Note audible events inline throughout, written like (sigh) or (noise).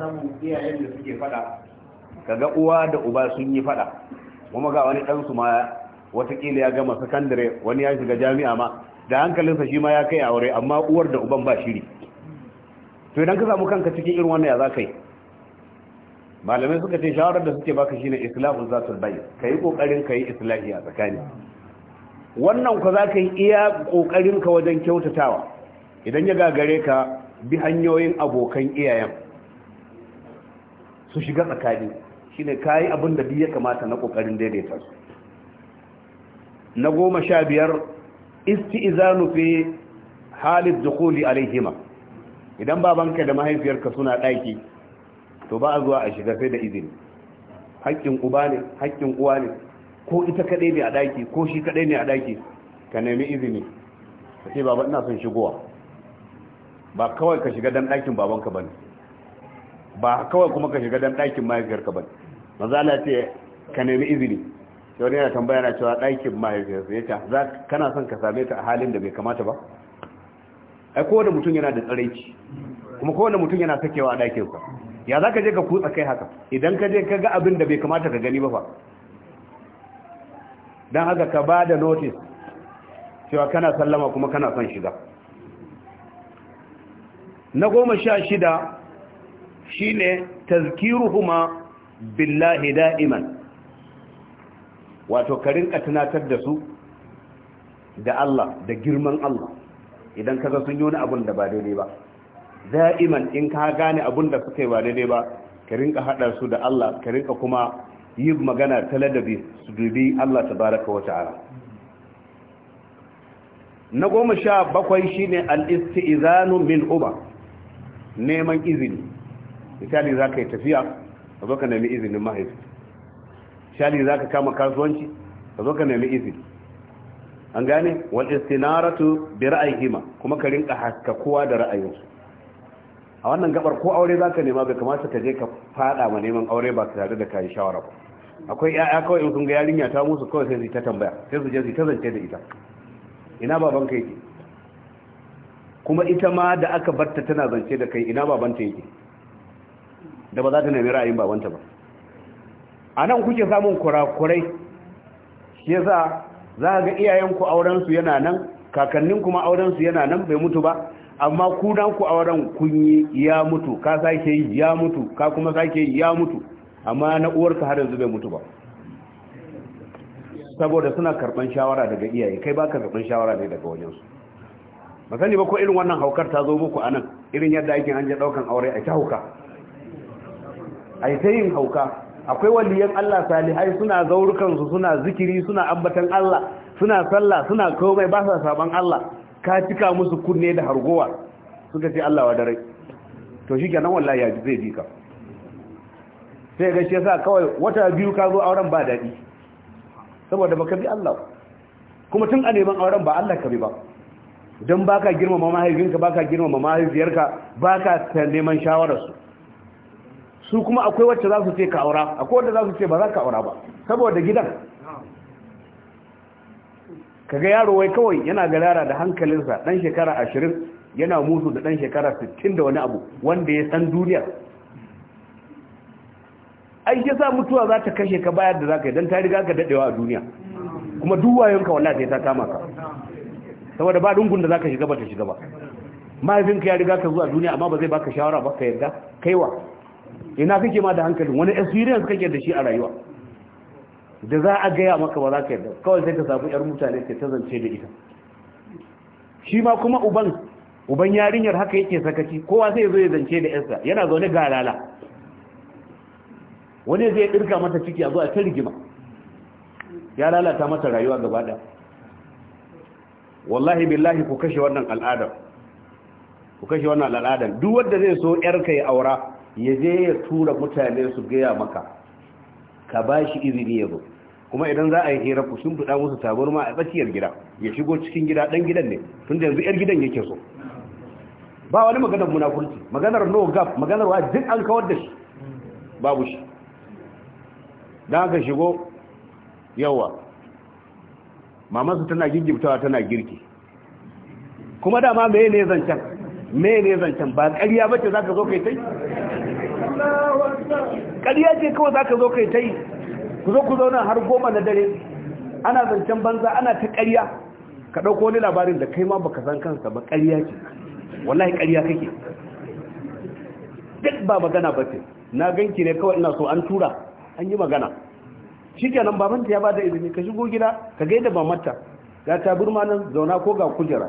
samun iyayen da suke fada kaga uwa da uba sun yi fada kuma ga wani ɗansu ma watakila ya gama sakandare wani ya shiga jami'a ma da hankalinsa shi ma ya kai aure amma uwar da uban ba shiri to idan ka samu kanka cikin irin wannan ya za ka malamai suka ce shawarar da suke baka shine islahu zatul bayn kai kokarin kai islahi a tsakani wannan ku za ka yi iya kokarin ka wajen kyautatawa idan ya gagare ka bi hanyoyin abokan iyayen su shiga tsakani shine kayi abin da ya kamata na kokarin daidaita su na goma sha biyar isti izanu fi halid a alaihima idan babanka da mahaifiyarka suna ɗaki, to ba a zuwa a shiga sai da izini haƙƙin uba ne haƙƙin uwa ne ko ita kaɗai ne a ɗaki, ko shi kaɗai ne a ɗaki? ka nemi izini ka ce baban ina son shigowa ba kawai ka shiga dan ɗakin babanka ba ne ba kawai kuma ka shiga dan ɗakin mahaifiyarka ba maza Allah ce ka nemi izini sai wani yana tambaya na cewa ɗakin mahaifiyarsa ya ce kana son ka same ta a halin da bai kamata ba ai kowane mutum yana da tsaraici kuma kowane mutum yana sakewa a ɗakinsa ya za ka je ka kutsa kai haka idan ka je ka ga abin da bai kamata ka gani ba fa don haka ka ba da notice cewa kana sallama kuma kana son shiga na goma sha shida shine tazkiruhuma billahi da'iman wato ka rinka tunatar da su da Allah da girman Allah idan ka sun yi wani abun da ba daidai ba da'iman in ka gane abun da suka yi ba daidai ba ka rinka hada su da Allah ka rinka kuma yi magana ta ladabi su dubi Allah tabaraka wa ta'ala na goma sha bakwai shine al-istizanu min uba neman izini misali za ka yi tafiya ka zo ka nemi izinin mahaifi misali za ka kama kasuwanci ka zo ka nemi izini an gane wal istinaratu bi ra'ayihima kuma ka rinka hakkakuwa da ra'ayinsu a wannan gabar ko aure za ka nema bai kamata ka je ka fada ma neman aure ba tare da kayi shawara ba akwai ya'ya kawai in sun ga yarinya ta musu kawai sai su ta tambaya sai su je su ta zance da ita ina baban ka yake kuma ita ma da aka barta tana zance da kai ina baban ta yake da ba za ta nemi ra'ayin babanta ba a nan kuke samun kurakurai shi yasa za ga iyayenku aurensu yana nan kakannin kuma aurensu yana nan bai mutu ba amma ku ku auren kun yi ya mutu ka sake yi ya mutu ka kuma sake yi ya mutu amma na uwarka har yanzu bai mutu ba saboda suna karban shawara daga iyaye kai baka karban shawara ne daga wajensu ba sani ba ko irin wannan haukar ta zo muku anan irin yadda ake an je daukan aure a ta hauka ai ta yin hauka akwai waliyan Allah salihai suna zaurukansu su suna zikiri suna ambatan Allah suna sallah suna komai ba sa saban Allah ka cika musu kunne da hargowa suka ce Allah wa dare to kenan wallahi ya ji zai bi ka sai ga shi yasa kawai wata biyu ka zo auren ba dadi saboda baka bi Allah kuma tun a neman auren ba Allah ka bi ba don baka girmama mahaifinka baka girmama mahaifiyarka baka ta neman shawararsu su kuma akwai wacce za su ce ka aura akwai wadda za su ce ba za ka aura ba saboda gidan Ka ga yaro wai kawai yana yara da hankalinsa dan shekara ashirin yana musu da dan shekara sittin da wani abu wanda ya san duniya. ai ya sa mutuwa za ta kashe ka bayar da za ka yi don ta riga ka daɗewa a duniya kuma duwayenka wallah ta yi ta kama ka saboda ba dungun da za ka shiga ba ta shiga ba mahaifinka ya riga ka zuwa duniya amma ba zai baka shawara ba ka yarda kaiwa ina kake ma da hankalin wani experience kake da shi a rayuwa da za a gaya maka ba za ka yarda kawai sai ka samu yar mutane ka ta zance da ita shi ma kuma uban uban yarinyar haka yake sakaci kowa sai zo ya zance da yarsa yana zaune ga lala wani zai dirka mata ciki a zuwa ta rigima ya lalata mata rayuwa gaba ɗaya wallahi billahi ku kashe wannan al'adar ku kashe wannan al'adar duk wanda zai so yarka ya aura ya je ya tura mutane su gaya maka ka ba shi izini ya zo kuma idan za a yi hira ku sun fuda musu ma a tsakiyar gida ya shigo cikin gida dan gidan ne tun da yanzu yar gidan yake so ba wani maganar munafurci maganar no gap maganar wa duk an kawar da shi babu shi dan ka shigo yawa su tana gigibtawa tana girki kuma dama me ne zancan me ne zancan ba ƙarya bace zaka zo kai tai Ƙariya ce kawai za ka zo kai ta yi ku zo ku har goma na dare ana zancen banza ana ta ƙariya. ka ɗauko wani labarin da kai ma ka san kansa ba ƙarya ce wallahi ƙarya kake duk ba magana ba ce na ganki ne kawai ina so an tura an yi magana shikenan babanta ya ba da izini ka shigo gida ka gaida mamata ga taburma nan zauna ko ga kujera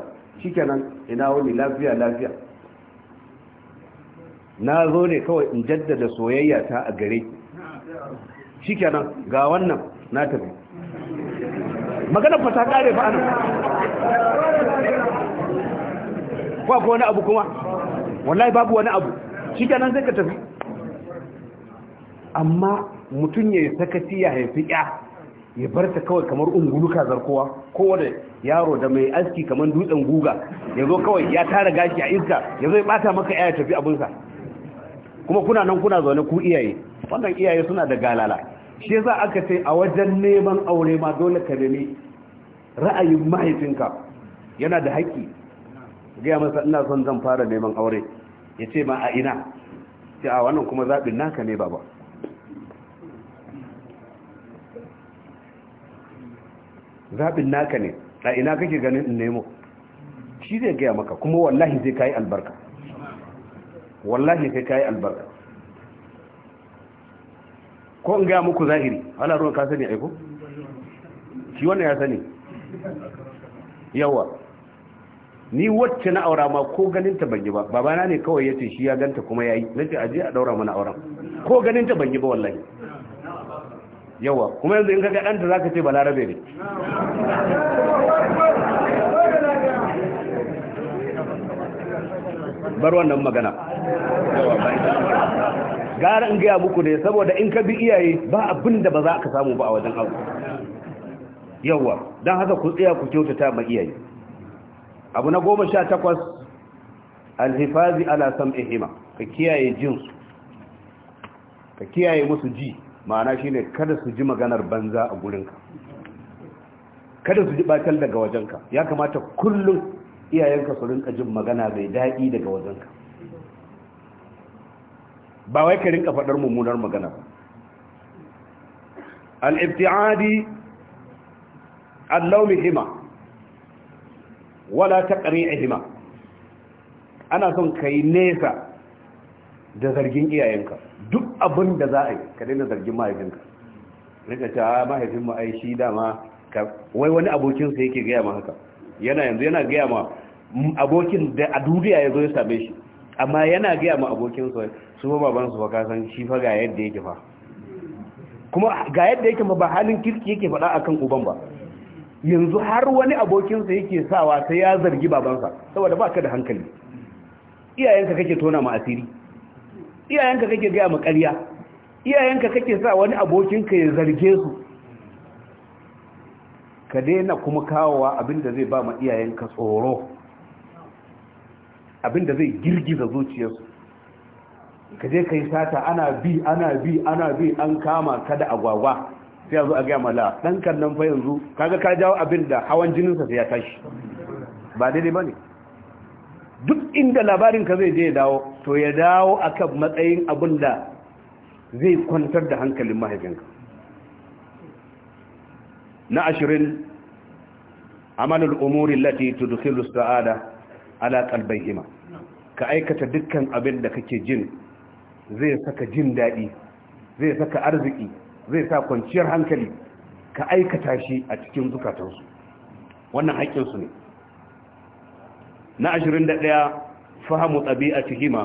nan ina wani lafiya lafiya na zo ne kawai in jaddada soyayya ta a gare ki shikenan ga wannan na tafi magana fa ta kare fa anan ba ko wani abu kuma wallahi babu wani abu shikenan sai ka tafi amma mutum ya sakaci ya haifi ya ya bar ta kawai kamar ungulu kazar zarkowa, kowa yaro da mai aski kamar dutsen guga ya zo kawai ya tara gashi a iska ya zo ya bata maka ya tafi abinsa kuma kuna nan kuna zaune ku iyaye wannan iyaye suna da galala shi yasa aka ce a wajen neman aure ma dole ka nemi ra'ayin mahaifinka yana da haƙƙi gaya masa ina son zan fara neman aure ya ce ma a ina ce a wannan kuma zaɓin naka ne baba zaɓin naka ne a ina kake ganin in nemo shi zai gaya maka kuma wallahi zai kayi albarka wallahi sai kayi albarka ko in ga muku zahiri ana ruwan ka sani aiko shi wannan ya sani yawa ni wacce na aura ma ko ganin ta banji ba babana ne kawai yace shi ya ganta kuma yayi nace aje a daura mana auren ko ganin ta banji ba wallahi yawa kuma yanzu in ka ga ta zaka ce balarabe ne bar wannan magana gara in gaya muku ne saboda in ka bi iyaye ba abin da ba za ka samu ba a wajen abu Yauwa don haka ku tsaya ku kyautata ma iyaye abu na goma sha takwas alhifazi ala ihima ka kiyaye jinsu ka kiyaye musu ji ma'ana shine kada su ji maganar banza a gurinka kada su ji batal daga wajenka ya kamata kullum iyayenka su rinka jin magana mai daɗi daga wajenka ba wai ka rinka faɗar mummunar magana ba al-ibtiadi al hima wala hima. ana son kai nesa da zargin iyayenka duk abin da za a yi ka daina zargin mahaifinka rika ta ah, mahaifin mu ai shi dama wai wani abokinsa yake gaya ma haka yana yanzu yana gaya ma abokin da a duniya ya zo ya same shi amma yana gaya ma abokinsa su ba su baka kasan shi fa ga yadda yake fa kuma ga yadda yake ba halin kirki yake faɗa akan uban ba yanzu har wani abokinsa yake sawa sai ya zargi babansa saboda ba ka da hankali iyayenka kake tona ma asiri iyayenka kake gaya ma ƙarya iyayenka kake sa wani abokinka ya zarge su ka daina kuma kawowa abinda zai ba ma iyayenka tsoro abinda zai girgiza zuciyarsu ka je ka yi sata ana bi ana bi ana bi an kama kada agwagwa sai yanzu a gaya mala ɗan kannan fa yanzu kaga ka jawo abin da hawan jininsa sai ya tashi ba dai ba ne duk inda labarin ka zai je ya dawo to ya dawo akan matsayin abin da zai kwantar da hankalin mahaifinka na ashirin amalul umuri lati tudkhilu sa'ada ala qalbayhima ka aikata dukkan abin da kake jin zai saka jin daɗi zai saka arziki zai sa kwanciyar hankali ka aikata shi a cikin zukatansu wannan haƙƙinsu ne na ashirin 21 fahimu ɗabi'atihima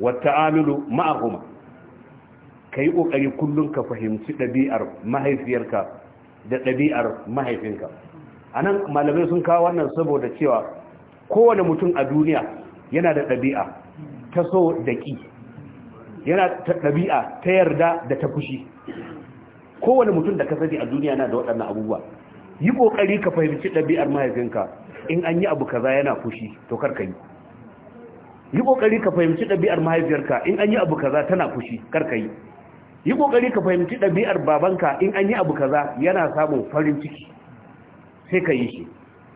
wata amilu ma'ahuma ka yi ƙoƙari kullum ka fahimci ɗabi'ar mahaifiyarka da ɗabi'ar mahaifinka a nan malamai sun kawo wannan saboda cewa kowane mutum a duniya yana da ɗabi'a ta so da ƙi yana ta ɗabi'a ta yarda da ta fushi kowane mutum da ka sani a duniya na da waɗannan abubuwa yi ƙoƙari ka fahimci ɗabi'ar mahaifinka in an yi abu kaza yana fushi to kar ka yi yi ƙoƙari ka fahimci ɗabi'ar mahaifiyarka in an yi abu kaza tana fushi kar ka yi yi ƙoƙari ka fahimci ɗabi'ar babanka in an yi abu kaza yana samun farin ciki sai ka yi shi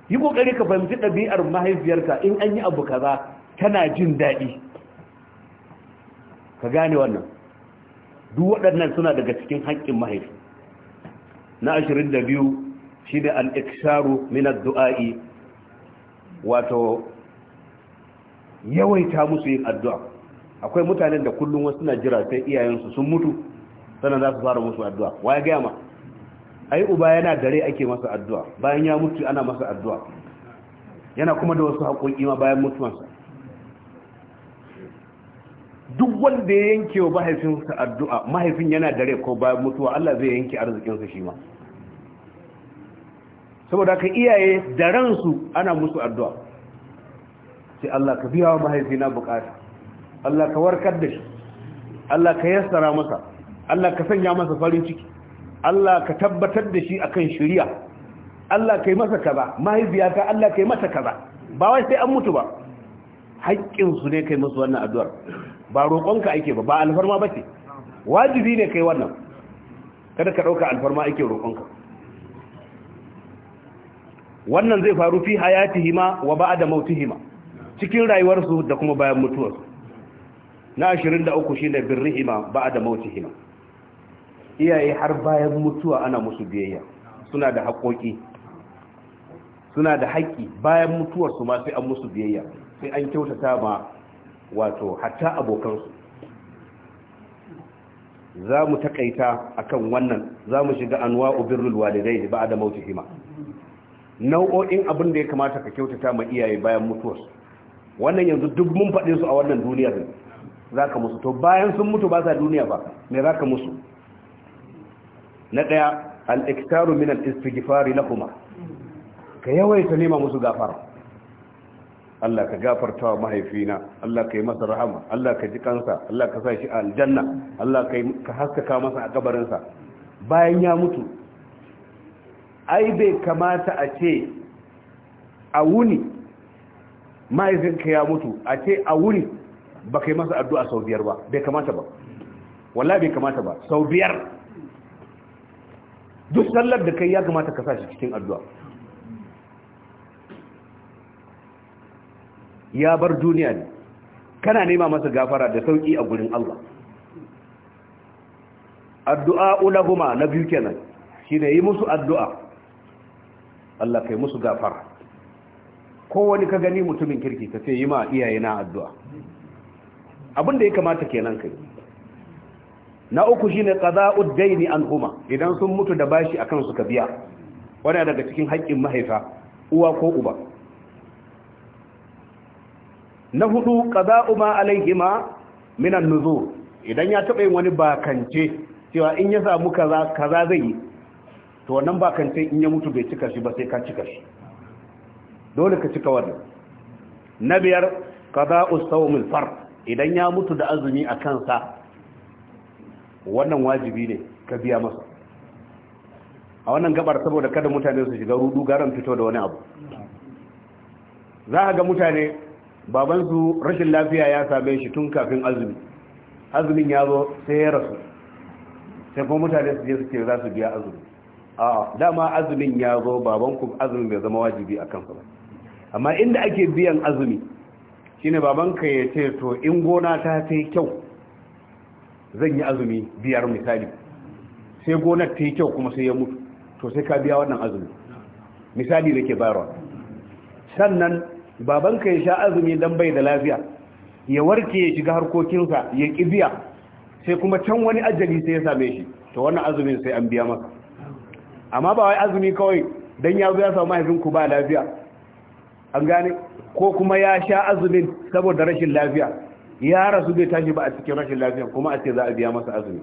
yi ƙoƙari ka fahimci ɗabi'ar mahaifiyarka in an yi abu kaza tana jin daɗi ka gane wannan duk waɗannan suna daga cikin haƙƙin mahaifi na ashirin da biyu shi da al’iksharu minar du'a'i wato yawaita musu yin addu'a akwai mutanen da kullum wasu na jira sai iyayensu sun mutu sannan za su fara musu addu'a waya gaya ma ai uba yana dare ake masa addu'a bayan ya mutu ana masa addu'a yana kuma da wasu haƙoƙi ma bayan mutuwansa wanda ya yanke wa mahaifinsa addu'a mahaifin yana dare ko bayan mutuwa Allah zai yanke arzikinsa shi ma saboda ka iyaye da ransu ana musu addu'a sai Allah ka biya wa mahaifina bukata Allah ka warkar da shi Allah ka yassara masa Allah ka sanya masa farin ciki Allah ka tabbatar da shi akan shari'a Allah kai masa kaza mahaifiyata Allah kai mata kaza ba wai sai an mutu ba haƙƙin su ne kai musu wannan addu'ar ba roƙonka ake ba ba alfarma ba ce wajibi ne kai wannan kada ka ɗauka alfarma ake roƙonka wannan zai faru fi hayatihima wa ba da mautihima cikin rayuwarsu da kuma bayan mutuwarsu na 23 shine birrihima ba'a da mautihima iyaye har bayan mutuwa ana musu biyayya suna da haƙoƙi suna da haƙƙi bayan mutuwarsu ma sai an musu biyayya sai an kyautata ma wato hatta abokansu za mu takaita akan wannan za mu shiga anwa birrul walidai ba da mautihima nau'o'in abin da ya kamata ka kyautata ma iyaye bayan mutuwarsu wannan yanzu duk mun faɗe su a wannan duniyar za ka musu to bayan sun mutu ba sa duniya ba me za ka musu na ɗaya al'iktaru min al'istigifari na kuma ka yawaita nema musu gafara Allah ka gafarta wa mahaifina Allah ka yi masa rahama Allah ka ji kansa Allah ka sa shi a aljanna Allah ka haskaka masa a kabarinsa bayan ya mutu ai bai kamata a ce a wuni mahaifinka ya mutu a ce a wuni ba ka yi masa addu'a sau biyar ba bai kamata ba Wala bai kamata ba sau biyar duk sallar da kai ya kamata ka sa shi cikin addu'a ya bar duniya ne kana nema masa gafara da sauki a gurin Allah addu'a ulahuma na biyu kenan shine yi musu addu'a Allah kai musu gafara kowani ka gani mutumin kirki ka ce yi ma iyayena addu'a abin da ya kamata kenan kai na uku shine qada'ud daini huma idan sun mutu da bashi akan su ka biya wanda daga cikin haƙƙin mahaifa uwa ko uba na hudu kaza ma alaihima minan nuzur idan ya taba yin wani bakance cewa in ya samu kaza kaza zai yi to wannan bakance in ya mutu bai cika shi ba sai ka cika shi dole ka cika wannan na biyar qada'u sawmil fard idan ya mutu da azumi a kansa wannan wajibi ne ka biya masa a wannan gabar saboda kada mutane su shiga rudu garan fito da wani abu za a ga mutane babansu rashin lafiya ya same shi tun kafin azumi azumin ya zo sai ya rasu sai kuma mutane su je su za su biya azumi a dama azumin ya zo babanku azumin bai zama wajibi a kansu ba amma inda ake biyan azumi shine babanka ya ce to in gona ta ta kyau zan yi azumi biyar misali sai gonar ta yi kyau kuma sai ya mutu to sai ka biya wannan azumi misali da ke bayarwa sannan babanka ya sha azumi dan bai da lafiya ya warke ya shiga harkokinsa ya kibiya sai kuma can wani ajali sai ya same shi to wannan azumin sai an biya maka amma ba wai azumi kawai dan ya zo ya samu mahaifinku ba lafiya an gane ko kuma ya sha azumin saboda rashin lafiya ya rasu bai tashi ba a cikin rashin lafiya kuma a ce za a biya masa azumi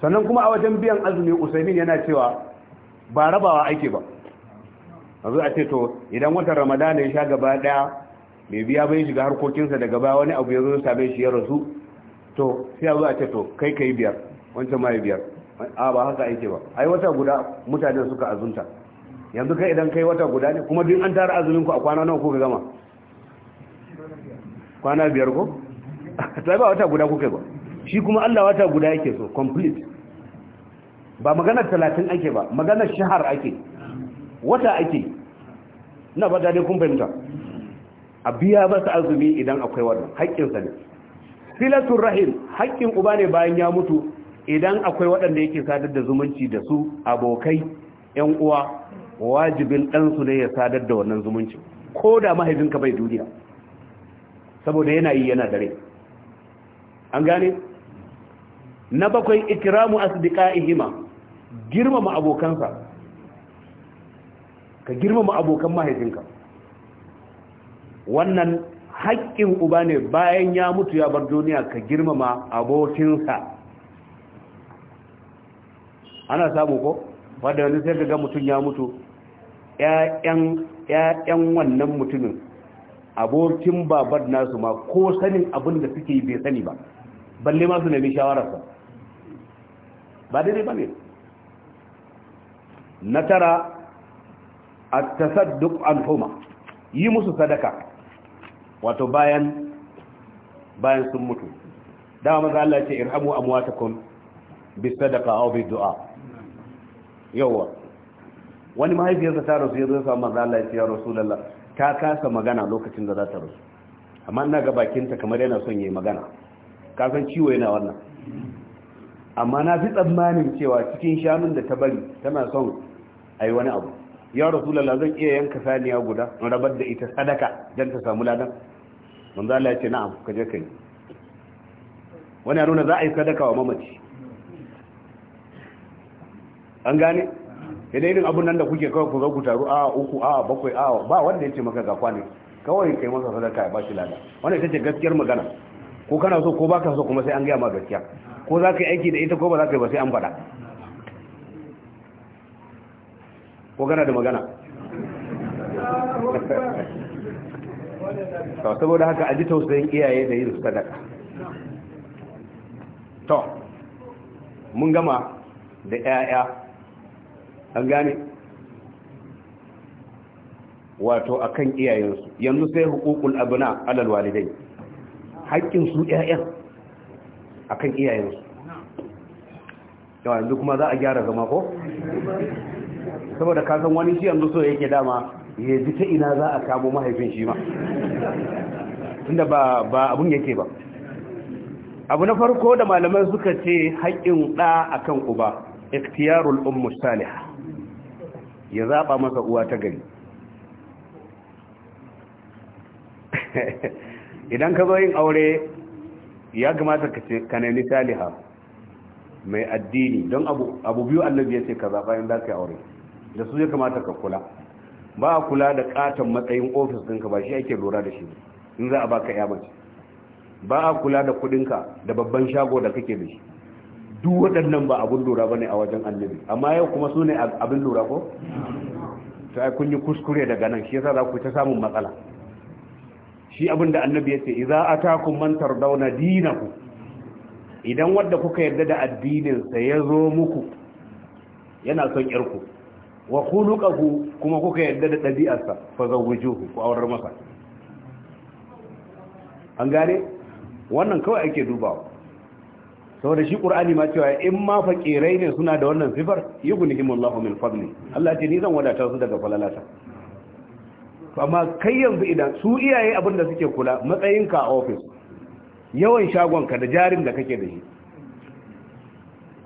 sannan kuma a wajen biyan azumi usaimin yana cewa ba rabawa ake ba yanzu a ce to idan watan ramadana ya sha gaba daya bai biya bai shiga harkokinsa daga baya wani abu ya zo same shi ya rasu to sai a zo a ce to kai kai biyar wancan ma ya biyar a ba haka aike ba ai wata guda mutanen suka azunta yanzu kai idan kai wata guda ne kuma duk an tara azumin ku a kwana nawa kuka gama kwana biyar ko (laughs) sai ba wata guda kuka ba shi kuma Allah wata guda yake so complete ba maganar talatin ake ba maganar shahar ake wata ake na ba daɗe kun fahimta a biya ba su azumi idan akwai wannan haƙƙinsa ne filatun rahim haƙƙin uba ne bayan ya mutu idan akwai waɗanda yake sadar da zumunci da su abokai yan uwa wajibin ɗansu ne ya sadar da wannan zumunci ko da mahaifinka bai duniya saboda yana yi yana dare an gane na bakwai ikiramu asdiqaihima girmama abokansa ka girmama abokan mahaifinka wannan haƙƙin uba ne bayan ya mutu ya bar duniya ka girmama abokinsa ana samu ko wadda wani sai ga mutum ya mutu ‘ya'yan wannan mutumin abokin babar nasu ma ko sanin abin da suke yi bai sani ba balle masu nemi shawararsa ba daidai ba ne na tara at-tasadduq anhuma yi musu sadaka wato bayan bayan sun mutu dama za Allah ce irhamu amwatakum bis sadaqa aw bi du'a yawa wani mahaifiyarsa ta rasu ya zo sa da Allah ya ce ya rasulullah ta kasa magana lokacin da za ta rasu amma ina ga bakinta kamar yana son yayi magana ka san ciwo yana wannan amma na fi tsammanin cewa cikin shanun da ta bari tana son ayi wani abu ya rasulullah zan iya yanka saniya guda in rabar da ita sadaka dan ta samu ladan manzo Allah ya ce na'am ka je kai wani nuna za a yi sadaka wa mamaci an gane idan irin abun nan da kuke kawai ku ku taru a uku a bakwai a ba wanda ya ce maka ga kwani kawai kai masa sadaka ya ba shi lada wanda ita ce gaskiyar magana ko kana so ko baka so kuma sai an gaya ma gaskiya ko za ka yi aiki da ita ko ba za ka yi ba sai an faɗa ko gana da magana to saboda haka a ji tausayin iyaye da yin sadaka to mun gama da 'ya'ya an gane wato akan iyayensu yanzu sai hukukul abuna alal walidai haƙƙin su 'ya'yan akan iyayensu yawa yanzu kuma za a gyara zama ko saboda ka san wani shi yanzu so yake dama ya ji ta ina za a kamo mahaifin shi ma tunda ba ba abun yake ba abu na farko da malaman suka ce haƙƙin ɗa akan uba ikhtiyarul ummu salih ya zaɓa masa uwa ta gari (laughs) idan ka zo yin aure ya kamata ka ce ka nemi saliha mai addini don abu biyu annabi ya ce ka zaɓa yin za ka yi aure da su ya kamata ka kula ba a kula da katon matsayin ofis ɗinka ba shi ake lura da shi in za a baka ya mace ba a kula da kudinka da babban shago da kake da shi duk waɗannan ba abin lura ba ne a wajen annabi amma yau kuma su ne abin lura ko? ta kun yi kuskure daga nan shi yasa za ku ta samun matsala shi abin da annabi ya ce iza atakum man tardawna ku. idan wanda kuka yarda da addinin sa ya zo muku yana son yarku wa khuluquhu kuma kuka yarda da dabi'arsa fa zawwijuhu ku aurar masa an gane wannan kawai ake dubawa saboda shi qur'ani ma cewa in ma fakirai ne suna da wannan sifar yughnihimullahu min fadli Allah ce ni zan wadata su daga falalata amma kai yanzu idan su iyaye abin da suke kula matsayinka a office yawan shagon ka da jarin da kake da shi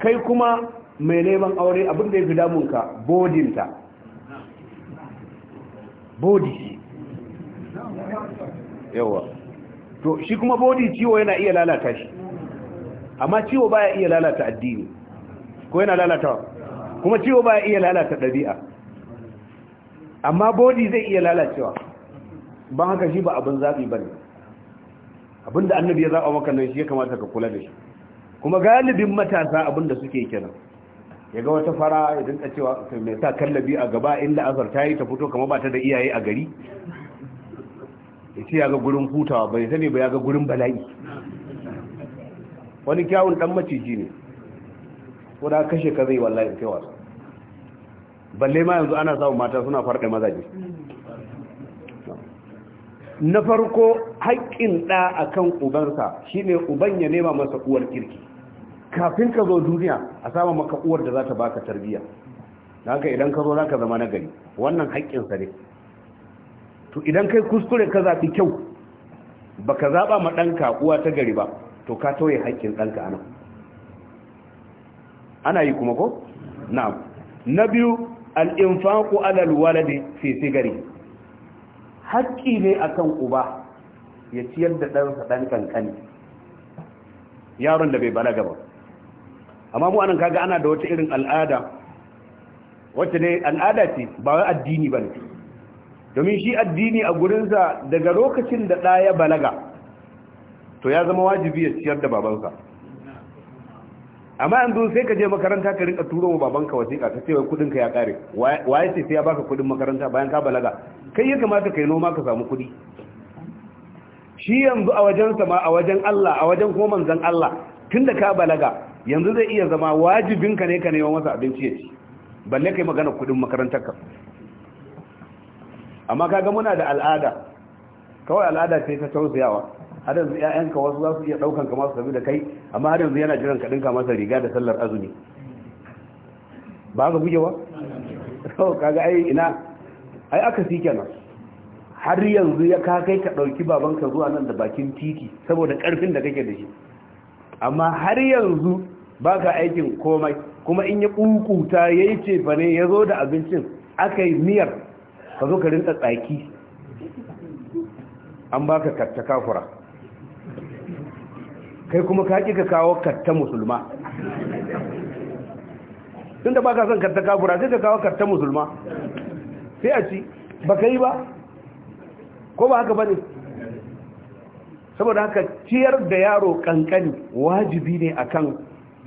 kai kuma mai neman aure abin da ya fi damunka bodinta bodi yawa to shi kuma bodi ciwo yana iya lalata shi amma ciwo baya iya lalata addini ko yana lalata kuma ciwo baya iya lalata ɗabi'a amma bodi zai iya lalacewa ban haka shi ba abin zaɓi ba ne abin da annabi ya zaɓa maka nan shi ya kamata ka kula da shi kuma galibin matasa abin da suke kenan ya ga wata fara ya dinka cewa mai sa kallabi a gaba inda azar ta yi ta fito kamar ba ta da iyaye a gari ya ce ya ga gurin hutawa bai sani ba ya ga gurin bala'i wani kyawun dan maciji ne wadda kashe ka zai wallahi kai wasu balle ma yanzu ana samun mata suna farɗe mazaje na farko haƙƙin ɗa akan ubansa shine uban ya nema masa uwar kirki kafin ka zo duniya a sama maka uwar da za ta baka tarbiyya haka idan ka zo za ka zama nagari wannan haƙƙinsa ne to idan kai kuskure ka zaɓi kyau ba ka zaɓa ma ɗanka uwa ta gari ba to ka tauye haƙƙin ɗanka ana ana yi kuma ko? na'am na biyu al'infaku alal walade fi sigari haƙƙi ne a kan uba ya ciyar da ɗansa ɗan kankani yaron da bai balaga gaba. amma mu anan kaga ana da wata irin al'ada wacce ne al'ada ce ba wai addini bane domin shi addini a gurinsa daga lokacin da ɗaya balaga to ya zama wajibi ya ciyar da babansa amma yanzu sai ka je makaranta ka rinka turo wa babanka wasiƙa ka cewa kudin ka ya kare waye ce sai ya baka kudin makaranta bayan ka balaga kai ya kamata kai noma ka samu kudi shi yanzu a wajen sama a wajen Allah a wajen kuma manzon Allah tunda ka balaga yanzu zai iya zama wajibinka ne ka neman masa abinci ya ci balle kai magana kudin makarantarka amma kaga muna da al'ada kawai al'ada ce ta tausayawa har yanzu ƴaƴanka wasu za su iya ɗaukan ka masu da kai amma har yanzu yana jiran ka ɗinka masa riga da sallar azumi ba ka gujewa kaga ai ina ai aka si kenan har yanzu ya ka kai ka ɗauki babanka zuwa nan da bakin titi saboda ƙarfin da kake da shi amma har yanzu ba ka aikin komai kuma in ya kukuta ya yi cefa ne ya zo da abincin aka yi miyar ka zo ka rinta tsaki an ba ka katta kafura kai kuma ka ƙi ka kawo katta musulma tun da ba ka son katta kafura sai ka kawo katta musulma sai a ci ba ka yi ba ko ba haka ba ne saboda haka ciyar da yaro kankani wajibi ne akan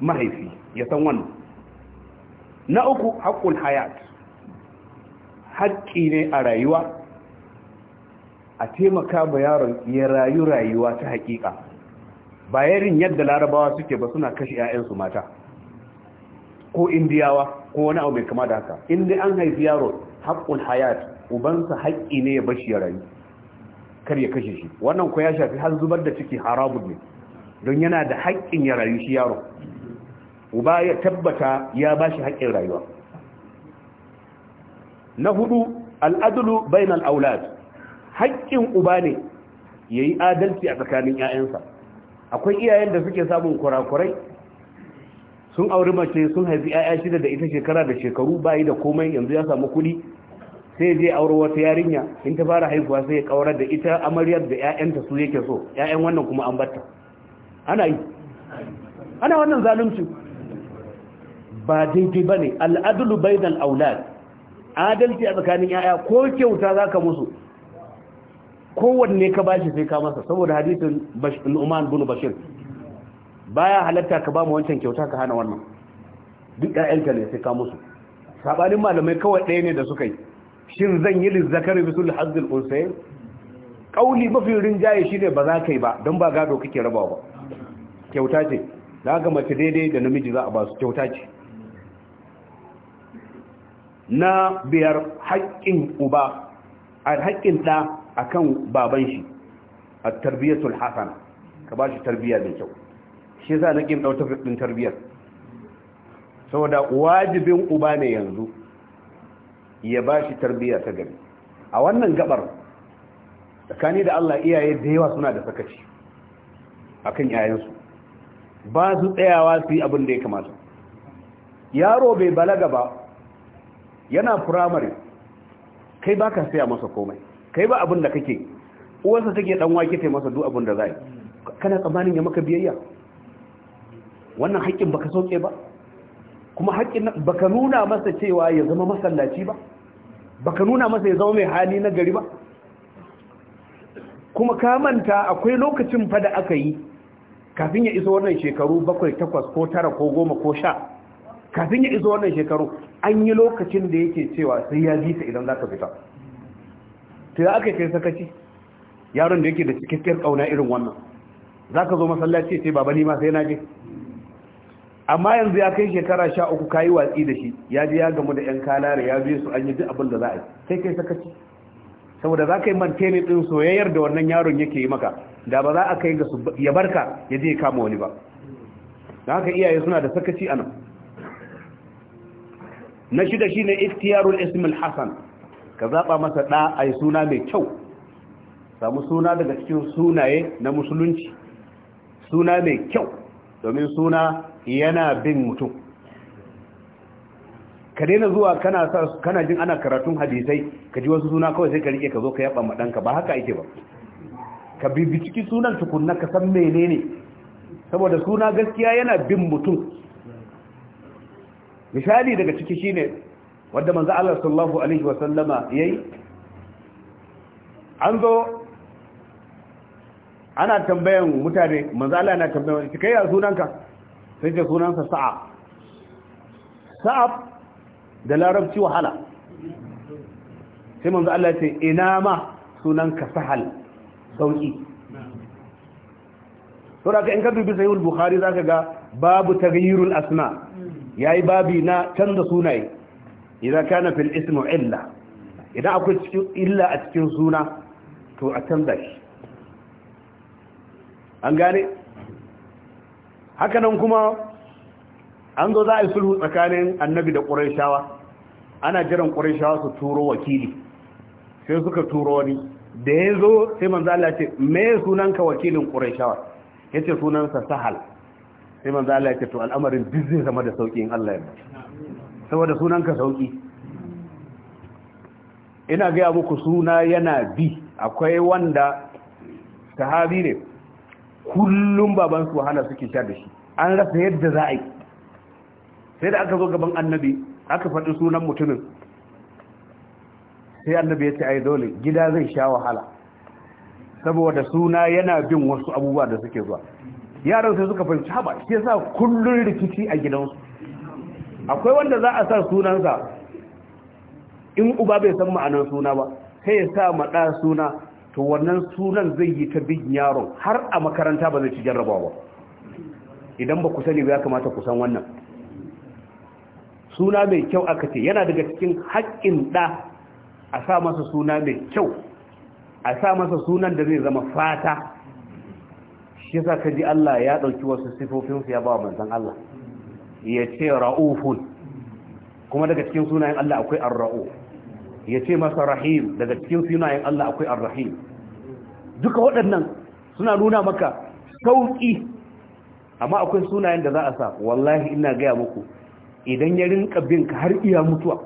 mahaifi ya san wannan na uku haƙƙul hayat haƙƙi ne a rayuwa a taimaka ba yaron ya rayu rayuwa ta haƙiƙa ba yarin yadda larabawa suke ba suna kashe 'ya'yansu mata ko indiyawa ko wani abu mai kama da haka inda an haifi yaro haƙƙul hayat ubansa haƙƙi ne ya bashi ya rayu kar ya kashe shi wannan ko ya shafi har zubar da ciki haramun ne don yana da haƙƙin ya rayu shi yaro uba ya tabbata ya ba shi haƙƙin rayuwa na hudu al'adulu bainal aulad haƙƙin uba ne ya yi adalci a tsakanin 'ya'yansa akwai iyayen da suke samun kurakurai sun auri mace sun haifi 'ya'ya shida da ita shekara da shekaru bayi da komai yanzu ya samu kuɗi sai je auro wata yarinya in ta fara haihuwa sai ya kawar da ita amaryar da 'ya'yanta su yake so 'ya'yan wannan kuma an batta ana yi ana wannan zalunci ba daidai ba ne al'adulu bainal aulad adalci a tsakanin yaya ko kyauta za ka musu kowanne ka bashi sai ka masa saboda hadisin nu'man bin bashir baya halatta ka ba mu wancan kyauta ka hana wannan duk ƴaƴanka ne sai ka musu sabanin malamai kawai ɗaya ne da suka yi shin zan yi zakari bisul hazzul ƙunsaye? kauli mafi rinjaye shine ba za ka yi ba don ba gado kake rabawa ba kyauta ce za ga mace daidai da namiji za a ba su kyauta ce na biyar haƙƙin uba a haƙƙin ɗa a kan baban shi a tarbiyyatul hasana ka ba shi tarbiyya mai kyau shi za na ƙin ɗautar ɗin tarbiyyar saboda wajibin uba ne yanzu ya ba shi tarbiyya ta gari a wannan gabar tsakani da Allah iyaye da yawa suna da sakaci a kan yayansu ba su tsayawa su yi abin da ya kamata yaro bai balaga ba yana firamare kai ba ka saya masa komai kai ba abin da kake uwarsa take dan wake ta masa duk abin da zai kana tsammanin ya maka biyayya wannan haƙƙin baka sauke ba kuma haƙƙin baka nuna masa cewa ya zama masallaci ba baka nuna masa ya zama mai hali na gari ba kuma ka manta akwai lokacin fa da aka yi kafin ya iso wannan shekaru bakwai takwas ko tara ko goma ko sha kafin ya iso wannan shekaru an yi lokacin da yake cewa sai ya ji ta idan za ka fita to ya aka kai sakaci yaron da yake da cikakken kauna irin wannan za ka zo masallaci sai baba nima sai na je amma yanzu ya kai shekara sha uku yi watsi da shi ya ji ya gamu da yan kalare ya biye su an yi duk abin da za a yi sai kai sakaci saboda za ka yi mantene din soyayyar da wannan yaron yake yi maka da ba za a kai ga su ya barka ya je ya kama wani ba da haka iyaye suna da sakaci a nan na shida shine ikhtiyarul ism al-hasan ka zaba masa da ai suna mai kyau samu suna daga cikin sunaye na musulunci suna mai kyau domin suna yana bin mutum ka daina zuwa kana sa kana jin ana karatun hadisai ka ji wasu suna kawai sai ka rike ka zo ka yaba ma danka ba haka yake ba ka bibi ciki sunan tukunna ka san menene saboda suna gaskiya yana bin mutum misali daga ciki shine wanda manzo Allah sallallahu alaihi wa sallama yayi an zo ana tambayan mutane manzo Allah yana tambayan ki kai ya sunanka sai ce sunansa sa'a, sa'a da larabci wahala sai manzo Allah ya ce ina ma sunanka Sahal sauki saboda in ka dubi sahihul bukhari zaka ga babu taghyirul asma Ya yi babi na canza sunaye idan kana fil ismu illa idan akwai illa a cikin suna to a canza shi an gane haka kuma an zo za a yi sulhu tsakanin annabi da ƙuraishawa ana jiran ƙuraishawa su turo wakili sai suka turo wani da ya sai manzo Allah ce me sunanka wakilin ƙuraishawa yace sunansa sahal sai manzo Allah ya ce to al'amarin duk zai zama da sauki in Allah ya ba saboda sunanka sauki ina gaya muku suna yana bi akwai wanda sahabi ne kullum baban su wahala suke sha da shi an rasa yadda za a yi sai da aka zo gaban annabi aka faɗi sunan mutumin sai annabi ya ce ai dole gida zai sha wahala saboda suna yana bin wasu abubuwa da suke zuwa yaran sai suka fahimci haba shi yasa kullun rikici a gidansu akwai wanda za a sa sunansa in uba bai san ma'anar suna ba sai ya sa maɗa suna to wannan sunan zai yi ta bin yaron har a makaranta ba zai ci jarraba ba idan ba ku sani ba ya kamata ku san wannan suna mai kyau aka ce yana daga cikin haƙƙin ɗa a sa masa suna mai kyau a sa masa sunan da zai zama fata shi yasa ka ji Allah ya ɗauki wasu sifofinsu ya ba wa manzan Allah ya ce ra'ufun kuma daga cikin sunayen Allah akwai arra'u. ya ce masa rahim daga cikin sunayen Allah akwai ar duka waɗannan suna nuna maka sauƙi amma akwai sunayen da za a sa wallahi ina gaya muku idan ya rinka bin ka har iya mutuwa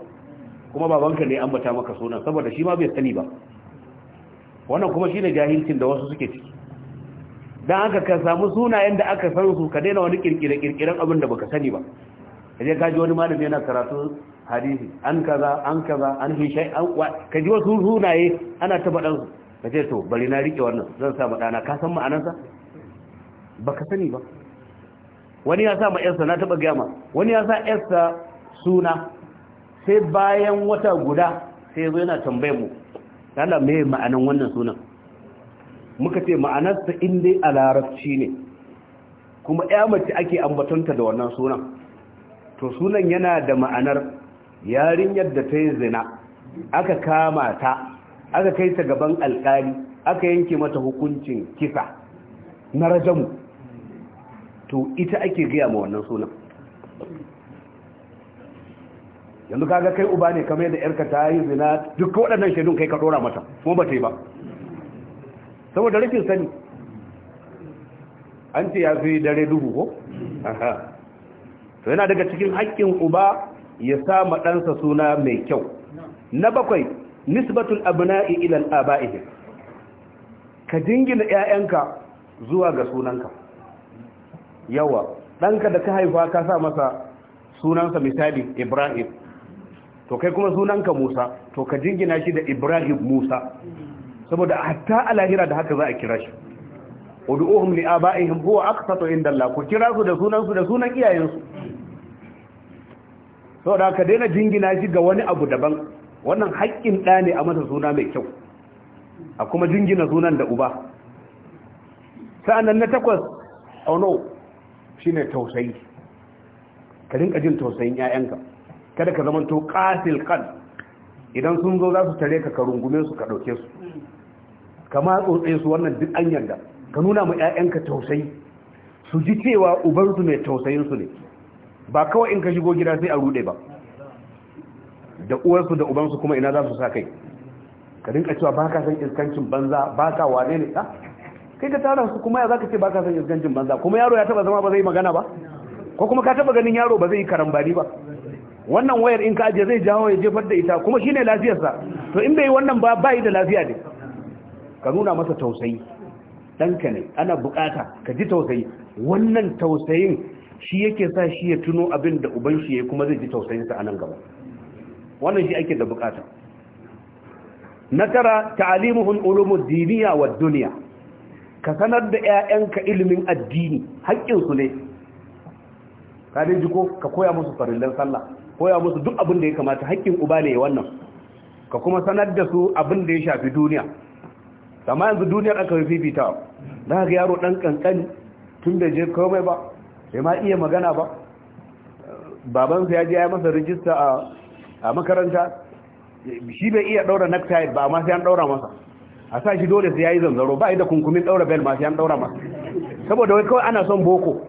kuma babanka ne an bata maka sunan saboda shi ma bai sani ba wannan kuma shine jahilcin da wasu suke ciki don haka ka samu sunayen da aka san su ka daina wani kirkire-kirkiren abin da baka sani ba kaje ka ji wani malami yana karatu hadisi an kaza an kaza an hishai an wa ka ji wasu sunaye ana ta faɗan su ka to bari na rike wannan zan sa maɗana. ka san sa baka sani ba wani ya sa ma yarsa na taɓa gama wani ya sa yarsa suna sai bayan wata guda sai zo yana tambayar mu Allah me ma'anar wannan sunan muka ce ma'anarsa in dai a larabci ne kuma ya mace ake ambatonta da wannan sunan to sunan yana da ma'anar yarinyar da ta yi zina aka kama ta aka kai ta gaban alkali aka yanke mata hukuncin kisa na rajamu to ita ake gaya ma wannan sunan yanzu kaga kai uba ne kamar yadda yarka ta yi zina duk waɗannan shaidun kai ka ɗora mata kuma ba ta yi ba saboda rikin sani an ce ya fi dare duhu ko to yana daga cikin haƙƙin uba ya sa ma ɗansa suna mai kyau na bakwai nisbatul abna'i ilal abaihi ka jingina 'ya'yanka zuwa ga sunanka yawa ɗanka da ka haifa ka sa masa sunansa misali Ibrahim to kai kuma sunanka Musa to ka jingina shi da Ibrahim Musa saboda hatta a lahira da haka za a kira shi a li aba'ihim aka sato inda Allah ku kira su da sunan su da sunan iyayensu Sau da ka daina jingina shi ga wani abu daban wannan haƙƙin ɗa ne a masa suna mai kyau a kuma jingina sunan da uba sa'annan na takwas ono oh ne tausayi ka rinka jin tausayin 'ya'yanka kada ka zama to ƙasil kan idan sun zo za su tare ka ka rungume su ka ɗauke su kama tsotse su wannan duk an yanda ka nuna ma 'ya'yanka tausayi su ji cewa ubansu mai tausayinsu ne ba kawai in ka shigo gida sai a rude ba da uwarsu da ubansu kuma ina za su sa kai ka dinka cewa ba ka san iskancin banza ba ka wane ne ka kai ka tara su kuma ya za ka ce ba ka san iskancin banza kuma yaro ya taba zama ba zai magana ba ko kuma ka taba ganin yaro ba zai yi karambani ba wannan wayar in ka ajiye zai jawo ya jefar da ita kuma shine lafiyarsa to in bai wannan ba bai da lafiya ne ka nuna masa tausayi ɗanka ne ana bukata ka ji tausayi wannan tausayin shi yake sa shi ya tuno abin da uban shi ya kuma zai ji tausayinsa a nan gaba wannan shi ake da bukata na tara ta'alimuhun ulumud diniya wa duniya ka sanar da 'ya'yanka ilimin addini haƙƙinsu ne ka dai jiko ka koya musu farillan sallah koya musu duk abin da ya kamata haƙƙin uba ne wannan ka kuma sanar da su abin da ya shafi duniya amma yanzu duniyar aka yi fifita da ga yaro dan kankani tun da je komai ba sai ma iya magana ba babansa ya je ya masa rijista a makaranta shi bai iya daura necktie ba amma sai an daura masa a sa shi dole sai yayi zanzaro ba da kunkumin daura bel ma sai an daura masa saboda wai kawai ana son boko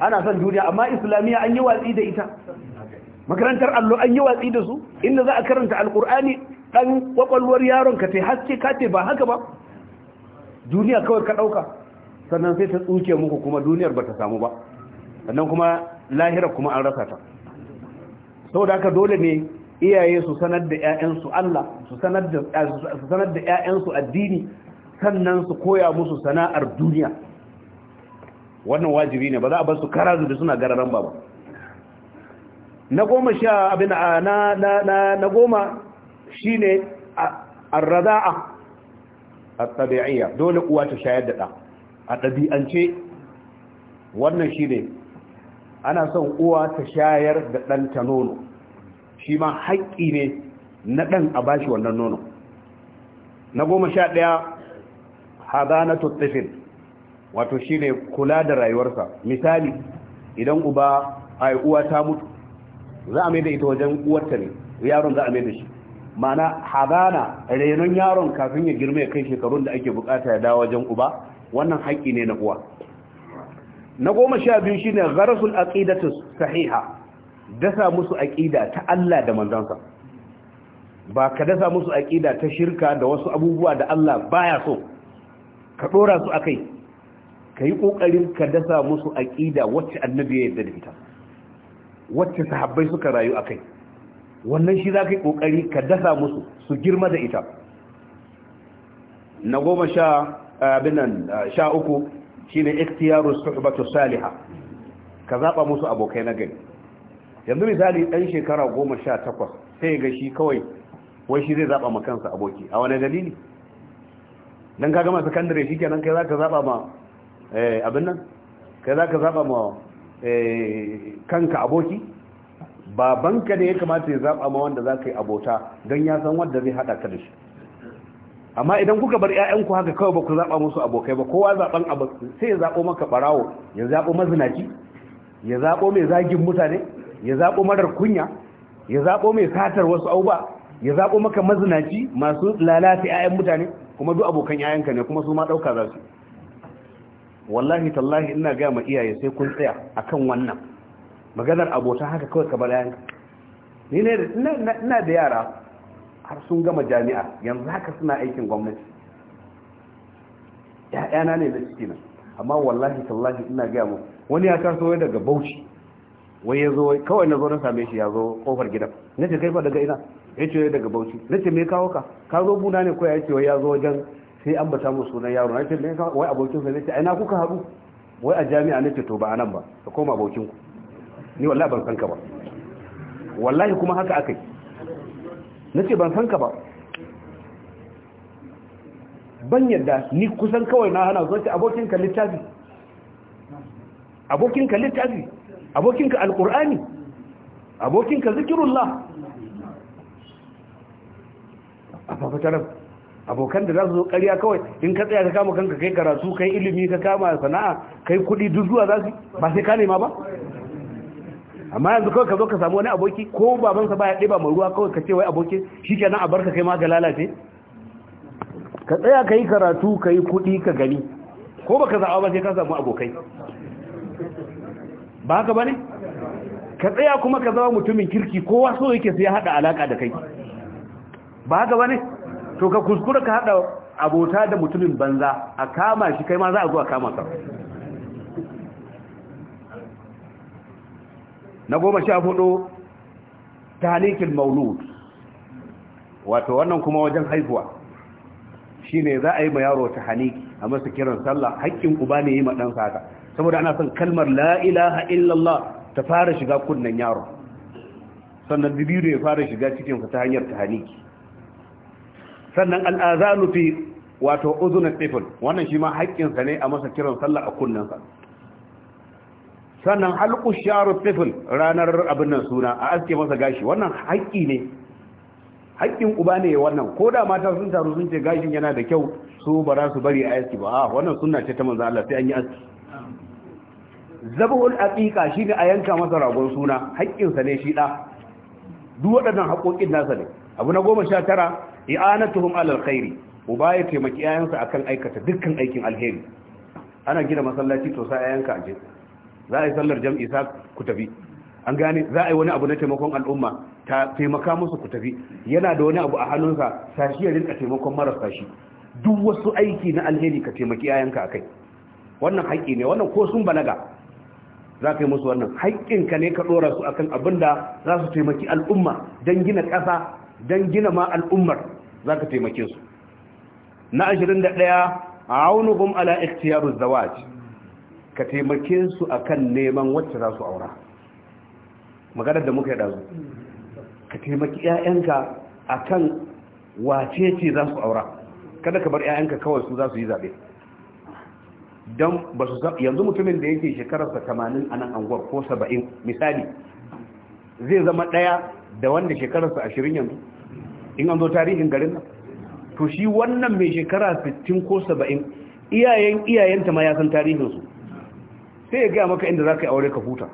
ana son duniya amma islamiyya an yi watsi da ita makarantar allo an yi watsi da su inda za a karanta alkur'ani ɗan kwakwalwar yaron ka ta haske ka ce ba haka ba duniya kawai ka ɗauka sannan sai ta tsuke muku kuma duniyar ba ta samu ba sannan kuma lahira kuma an rasa ta Sau da haka dole ne iyaye su sanar da 'ya'yansu Allah su sanar da 'ya'yansu addini sannan su koya musu sana'ar duniya wannan wajibi ne ba za a bar su karazu da suna gararan ba ba na goma sha abin na goma shine ar-rada'a at-tabi'iyya dole uwa ta shayar da ɗa a ɗabi'ance wannan shine ana son uwa ta shayar da ta nono shi ma haƙƙi ne na ɗan a bashi wannan nono na goma sha ɗaya hadanatu tifin wato shine kula da rayuwarsa misali idan uba ai uwa ta mutu za a mai da ita wajen uwarta ne yaron za a mai da shi mana habana renon yaron kafin ya girma ya kai shekarun da ake bukata ya dawo wajen uba wannan haƙƙi ne na uwa na goma sha biyu shine gharasul aqidatu sahiha dasa musu aqida ta Allah da manzansa ba ka dasa musu aqida ta shirka da wasu abubuwa da Allah baya so ka dora su akai kai kokarin ka dasa musu aqida wacce annabi ya yarda da ita wacce sahabbai suka rayu akai wannan shi za ka yi ƙoƙari ka dasa musu su girma da ita na goma sha eh, abinan eh, sha uku shi ne ikhtiyarun suhbatu saliha ka zaɓa musu abokai na gari yanzu misali ɗan shekara goma sha takwas sai ga shi kawai wai shi zai zaɓa makansa aboki a wani dalili don ka gama sakandare shi kenan kai za ka zaɓa ma eh, abin nan kai za ka zaɓa ma kanka aboki babanka ne ya kamata ya zaɓa ma wanda za ka yi abota don ya san wanda zai haɗa ka da shi amma idan kuka bar 'ya'yanku haka kawai ba ku zaɓa musu abokai ba kowa zaɓan abu sai ya zaɓo maka ɓarawo ya zaɓo mazinaci ya zaɓo mai zagin mutane ya zaɓo marar kunya ya zaɓo mai satar wasu auba ya zaɓo maka mazinaci masu lalata 'ya'yan mutane kuma duk abokan 'ya'yanka ne kuma su ma ɗauka za su wallahi tallahi ina gaya ma iyaye sai kun tsaya akan wannan maganar abota haka kawai kamar yayan ni ne ina da yara har sun gama jami'a yanzu haka suna aikin gwamnati ya'yana ne na ciki nan amma wallahi tallahi ina gaya mu wani ya taso wai daga bauchi wai ya zo kawai na zo na same shi ya zo kofar gidan na ce kai fa daga ina ya ce daga bauchi na ce me kawo ka ka zo buna ne ko ya ce wai ya zo wajen sai an bata mu sunan yaro na ce me kawo wai abokin sa ne ce ai na kuka haɗu wai a jami'a ne ce to ba anan ba ka koma abokin ku ni wallahi ban san ka ba wallahi kuma haka akai nace ban san ka ba ban yadda ni kusan kawai na hana zuwa abokin ka littafi abokin ka littafi abokin ka alqur'ani abokin ka zikirullah ba fafatarar abokan da za su zo ƙarya kawai in ka tsaya ka kama kanka kai karatu kai ilimi ka kama sana'a kai kuɗi duk zuwa za su ba sai ka nema ba amma yanzu kawai ka zo ka samu wani aboki ko babansa baya ɗiba mai ruwa kawai ka ce wai aboki shi kenan a barka kai ma ga lalace ka tsaya ka yi karatu ka yi kuɗi ka gani ko baka zaɓa ba sai ka samu abokai ba haka ba ne ka tsaya kuma ka zama mutumin kirki kowa so yake sai ya haɗa alaƙa da kai ba haka ba ne to ka kuskura ka haɗa abota da mutumin banza a kama shi kai ma za a zo a kama sa na goma sha hudu talikin maulud wato wannan kuma wajen haihuwa shi ne za a yi wa yaro ta haniki a masa kiran sallah haƙƙin uba ne yi ma haka saboda ana son kalmar la'ilaha illallah ta fara shiga kunnen yaro sannan biyu da ya fara shiga cikinsa ta hanyar ta haniki sannan al'azanu fi wato uzunan tifin wannan shi ma haƙƙinsa ne a masa kiran sallah a kunnensa sannan halku sharu tifil ranar abin nan suna a aske masa gashi wannan haƙƙi ne haƙƙin uba ne wannan ko da mata sun taru sun ce gashin yana da kyau su ba za su bari a aski ba a ah, wannan suna ce ta manzo Allah sai an yi aski zabul aqiqa shine a yanka masa ragon suna haƙƙin sa ne shi da duk waɗannan haƙoƙin nasa ne abu na 19 i'anatuhum alal khairi uba ya taimaki yayansa akan aikata dukkan aikin alheri ana gina masallaci to sai yayanka aje za a yi sallar jam'i sa ku tafi an gane za a yi wani abu na taimakon al'umma ta taimaka musu ku tafi yana da wani abu a hannunsa sashi ya rinka taimakon marasa shi duk wasu aiki na alheri ka taimaki yayanka akai wannan haƙƙi ne wannan ko sun balaga za ka yi musu wannan haƙƙinka ne ka ɗora su akan abin da za su taimaki al'umma don gina ƙasa don gina ma al'ummar za ka taimake su na ashirin da ɗaya a aunuhum ala ikhtiyaruz ka taimake su akan neman wacce za su aura maganar da muka yi ɗazu ka taimaki 'ya'yanka akan wace ce za su aura kada ka bar 'ya'yanka kawai su za su yi zaɓe don ba su yanzu mutumin da yake shekararsa 80 a nan anguwar ko 70 misali zai zama ɗaya da wanda shekararsa 20 yanzu in an zo tarihin garin nan to shi wannan mai shekara 60 ko 70 iyayen iyayenta ma ya san tarihinsu sai ya gaya maka inda za ka yi aure ka huta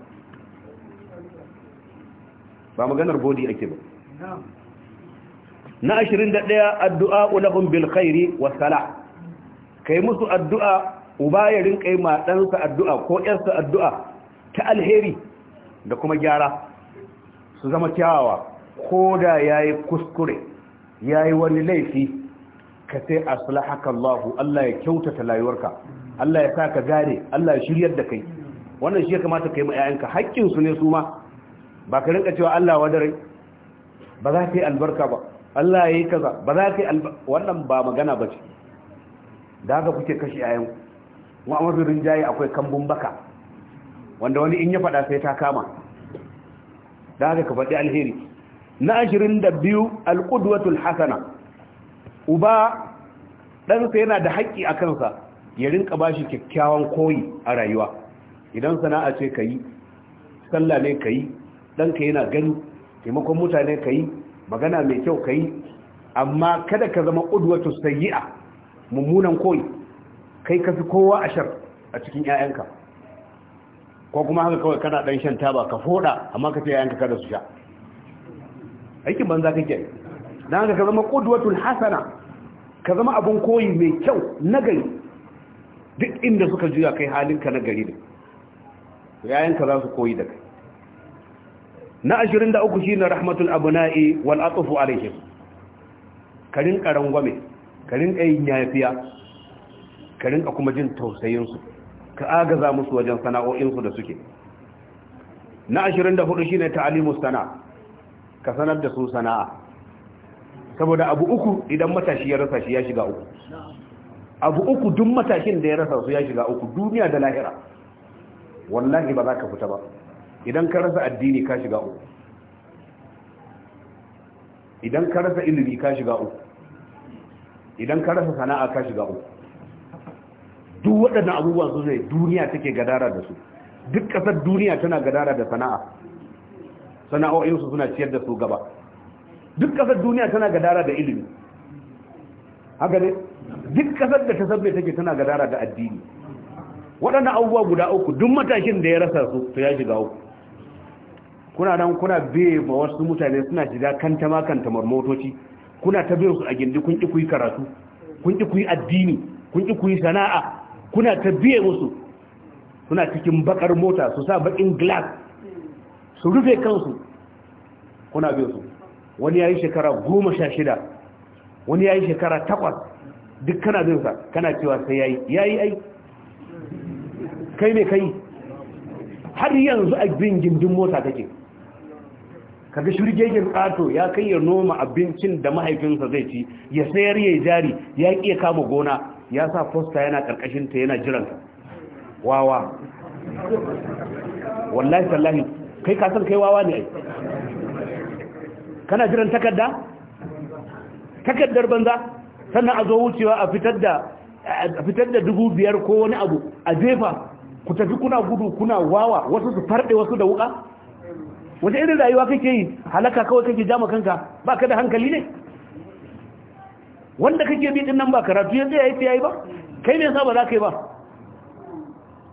ba maganar godi ake ba na ashirin da ɗaya addu'a ulahun bilkhairi wa sala ka yi musu addu'a uba ya rinka maɗansa addu'a ko ‘yarsa addu'a ta alheri da kuma gyara su zama kyawawa ko da ya yi kuskure ya yi wani laifi ka sai aslahakallahu Allah ya kyautata layuwarka Allah ya sa ka gare, Allah ya shiryar da kai wannan shi ya kamata ka yi ma 'ya'yanka haƙƙinsu ne su ma ba ka rinka cewa Allah wa dare. ba za ka yi albarka ba Allah ya yi kaza ba za ka yi albarka. wannan ba magana ba ce da haka kuke kashe ƴaƴan mu a mafi rinjaye akwai kambun baka wanda wani in ya faɗa sai ta kama da haka ka faɗi alheri na ashirin da biyu alƙudwatul hasana uba ɗansa yana da haƙƙi a kansa ya rinka ba shi kyakkyawan koyi a rayuwa idan sana'a ce ka yi sallah ne ka yi ɗanka yana gani taimakon mutane ka yi magana mai kyau ka yi amma kada ka zama ƙudwatu sayi'a mummunan koyi kai ka fi kowa ashar a cikin 'ya'yanka ko kuma haka kawai kana ɗan shan taba ka foda amma ka fi 'ya'yanka kada su sha aikin banza kake don haka ka zama ƙudwatul hasana ka zama abin koyi mai kyau na nagari duk inda suka juya kai halinka na gari ne yayanka za su koyi da kai na 23 shine rahmatul abna'i wal atfu alaihim karin rangwame, gwame karin yin yafiya karin ka kuma jin tausayin su ka agaza musu wajen sana'o'in su da suke na 24 shine ta'limus sana'a, ka sanar da su sana'a saboda abu uku idan matashi ya rasa shi ya shiga uku abu uku duk matakin da ya rasa su ya shiga uku duniya da lahira wallahi ba za ka fita ba idan ka rasa addini ka shiga uku idan ka rasa ilimi ka shiga uku idan ka rasa sana'a ka shiga uku duk waɗannan abubuwan su zai duniya take gadara da su duk ƙasar duniya tana gadara da sana'a sana'o'insu suna ciyar da su gaba duk ƙasar duniya tana gadara da ilimi haka ne duk kasar da ta sabbe take tana gadara da addini waɗannan abubuwa guda uku duk matashin da ya rasa su to ya shiga uku kuna nan kuna be ma wasu mutane suna shiga kanta ma kanta marmotoci kuna ta biyo su a gindi kun ki kuyi karatu kun ki kuyi addini kun ki kuyi sana'a kuna ta biye musu suna cikin bakar mota su sa bakin glass su rufe kansu kuna biyo su wani ya yi shekara goma sha shida wani ya yi shekara takwas duk kana bin sa kana cewa sai yayi yayi ai kai ne kai har yanzu a bin gindin mota take kaga shirgegen kato ya kai ya noma abincin da mahaifinsa zai ci ya sayar ya jari ya iya kama gona ya sa fosta yana ta yana jiranta wawa wallahi sallahi kai ka san kai wawa ne ai kana jiran takarda takardar banza sannan a zo wucewa a fitar da dubu biyar ko wani abu a jefa ku tafi kuna gudu kuna wawa wasu su farɗe wasu da wuka wata irin rayuwa kake yi halaka kawai kake jama kanka ba ka da hankali ne wanda kake bi din nan ba karatu yanzu ya yi yayi ba kai me yasa ba za ka yi ba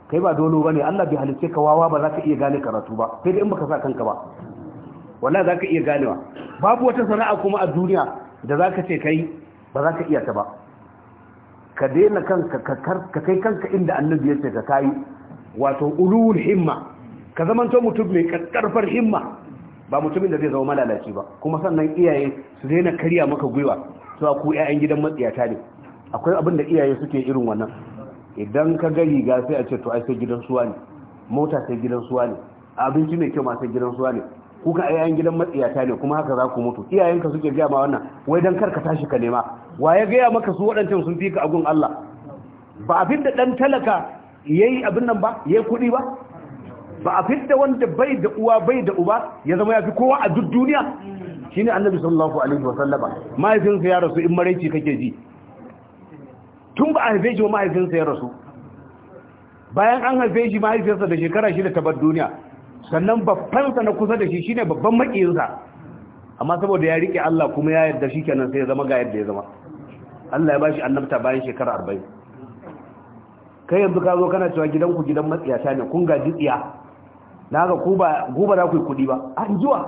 kai ba dolo ne. Allah bai halice ka wawa ba za ka iya gane karatu ba sai da in baka sa kanka ba Wala za ka iya ganewa babu wata sana'a kuma a duniya da za ka ce kai ba za ka iya ta ba ka daina kanka ka kai kanka inda annabi ya ce ka kai wato ulul himma ka zamanto mutum mai karfar himma ba mutumin da zai zama malalaci ba kuma sannan iyaye su daina kariya maka gwiwa cewa ku 'ya'yan gidan matsiyata ne akwai abin da iyaye suke irin wannan idan ka ga riga sai a ce to ai sai gidan suwa ne mota sai gidan suwa ne abinci mai kyau ma sai gidan suwa ne kuka ai gidan matsiyata ne kuma haka za ku mutu iyayenka suke gaya ma wannan wai dan kar ka tashi ka nema wa ya gaya maka su waɗancan sun fi ka agun Allah ba a fidda dan talaka yayi abin nan ba yayi kuɗi ba ba a fidda wanda bai da uwa bai da uba ya zama ya fi kowa a duk duniya shine annabi sallallahu alaihi wasallama mahaifinsa ya rasu in maraici kake ji tun ba a haife shi mahaifinsa ya rasu bayan an haife shi mahaifinsa da shekara shida ta bar duniya sannan babbansa na kusa da shi shine babban makiyinsa amma saboda ya rike Allah kuma ya yarda shi kenan sai ya zama ga yadda ya zama Allah ya bashi annabta bayan shekara 40 kai yanzu ka zo kana cewa gidanku gidan matsiyata ne kun ga dutsiya na ga ku ba gobe za ku yi kudi ba an zuwa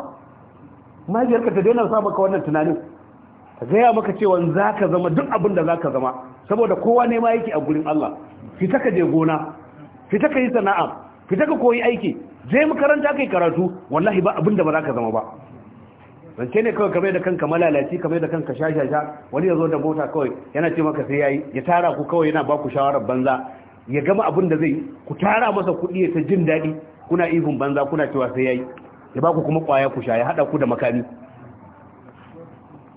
mahaifiyarka ta daina sa maka wannan tunanin ta gaya maka cewa za ka zama duk abin da za ka zama saboda kowa ne ma yake a gurin Allah fita ka je gona fita ka yi sana'a fita ka koyi aiki je makaranta kai karatu wallahi ba abinda ba za ka zama ba rance ne kawai kamar da kanka malalaci kamar da kanka shashasha wani ya zo da mota kawai yana ce maka sai yayi ya tara ku kawai yana ba ku shawarar banza ya gama abin da zai ku tara masa kuɗi ya ta jin daɗi kuna ihun banza kuna cewa sai yayi ya baku kuma kwaya ku sha ya hada ku da makami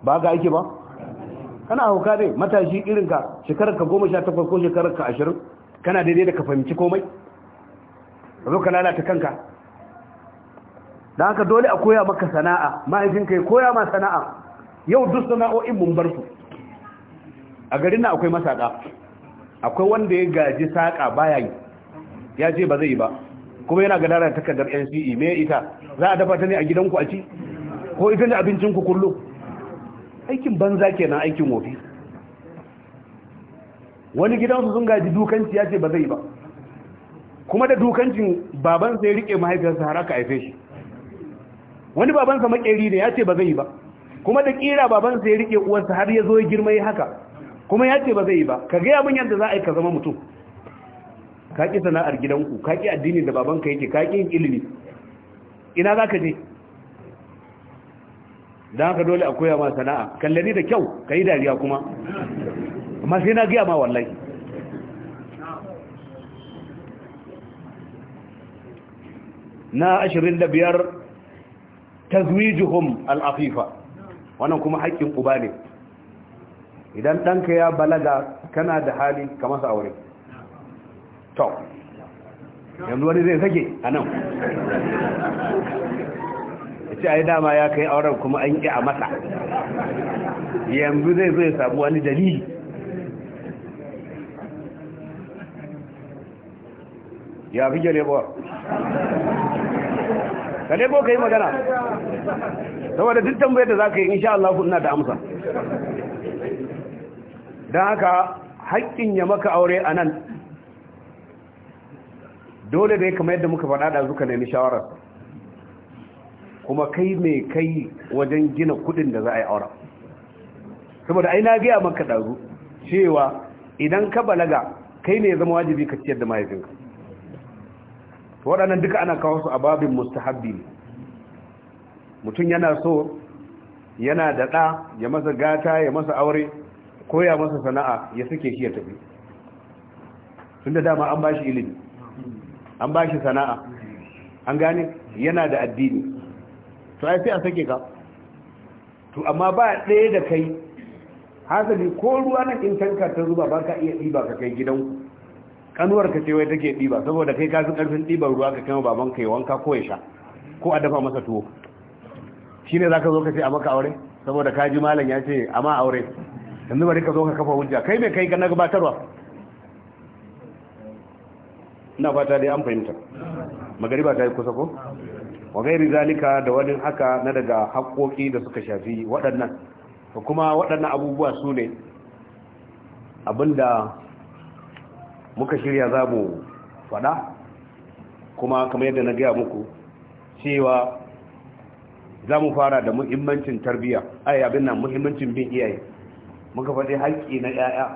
ba ga aiki ba kana hauka dai matashi irin ka shekarar ka 18 ko shekarar ka ashirin? kana daidai da ka fahimci komai zo ka lalata kanka da haka dole a koya maka sana'a mahaifinka ya koya ma sana'a yau duk sana'o'in mun bar su a garin na akwai masaka akwai wanda ya gaji saka baya yi ya ce ba zai yi ba kuma yana gadara takardar NCE me ita za a dafa ta ne a gidanku a ci ko ita ne abincin ku kullu aikin banza kenan aikin wofi wani gidansu sun gaji dukanci ya ce ba zai ba kuma da dukancin babansa ya rike mahaifiyarsa har aka haife shi wani babansa makeri ne ya ce ba zai yi ba kuma da kira babansa ya rike uwarsa har ya zo ya girma ya haka kuma ya ce ba zai yi ba ka gaya min yadda za a yi ka zama mutum ka ƙi sana'ar gidanku ka ƙi addini da babanka yake ka ƙi yin ilimi ina za ka je don haka dole a koya ma sana'a kallari da kyau ka yi dariya kuma amma sai na gaya ma wallahi na ashirin da biyar tazwijuhum al al'afifa, wannan kuma haƙƙin uba ne idan ɗanka ya balaga kana da hali ka masa aure to yanzu wani zai sake a nan ce a yi dama ya kai auren kuma an ƙi a masa yanzu zai zai samu wani dalili ya fi gyalewa ka dai ko ka magana saboda duk tambayar da za ka yi insha Allah ina da amsa don haka haƙƙin ya maka aure a nan dole dai kamar yadda muka faɗa da zuka nemi shawarar kuma kai mai kai wajen gina kudin da za a yi aura saboda ai na biya maka ɗazu cewa idan ka balaga kai ne ya zama wajibi ka ciyar da mahaifinka to waɗannan duka ana kawo su a babin mustahabbi ne mutum yana so yana da ɗa ya masa gata ya masa aure ko ya masa sana'a ya suke shi ya tafi tun da dama an ba shi ilimi an ba shi sana'a an gane yana da addini to ai sai a sake ka to amma ba ɗaya da kai hasali ko ruwa na in tanka ta zuba ba ka iya ɗiba ka kai gidanku kanuwar ka ce wai take diba saboda kai ka fi ƙarfin ɗiban ruwa ka kama baban ka ya wanka ko ya sha ko a dafa masa tuwo shine zaka zo ka ce a maka aure saboda ka ji malam ya ce a ma aure yanzu bari ka zo ka kafa hujja kai mai kai ka na gabatarwa ina fata dai an fahimta magariba ta yi kusa ko wa gairi zalika da wani haka na daga haƙoƙi da suka shafi waɗannan kuma waɗannan abubuwa su ne abinda muka shirya za mu faɗa kuma kamar yadda na gaya muku cewa za mu fara da muhimmancin tarbiyya ai abin nan muhimmancin bin iyaye muka faɗi haƙƙi na 'ya'ya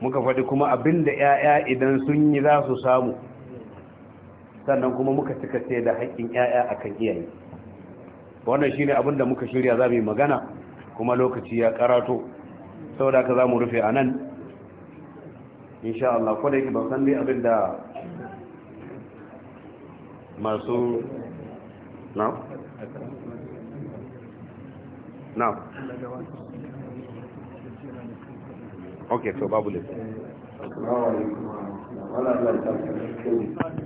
muka faɗi kuma abin da 'ya'ya idan sun yi za su samu sannan kuma muka cika ce da haƙƙin 'ya'ya a kan iyaye wannan shi ne abin da muka shirya za mu yi magana kuma lokaci ya karato saboda haka za mu rufe a nan insha Allah ko da yake ban san dai abin da masu na na ok to babu lafi wala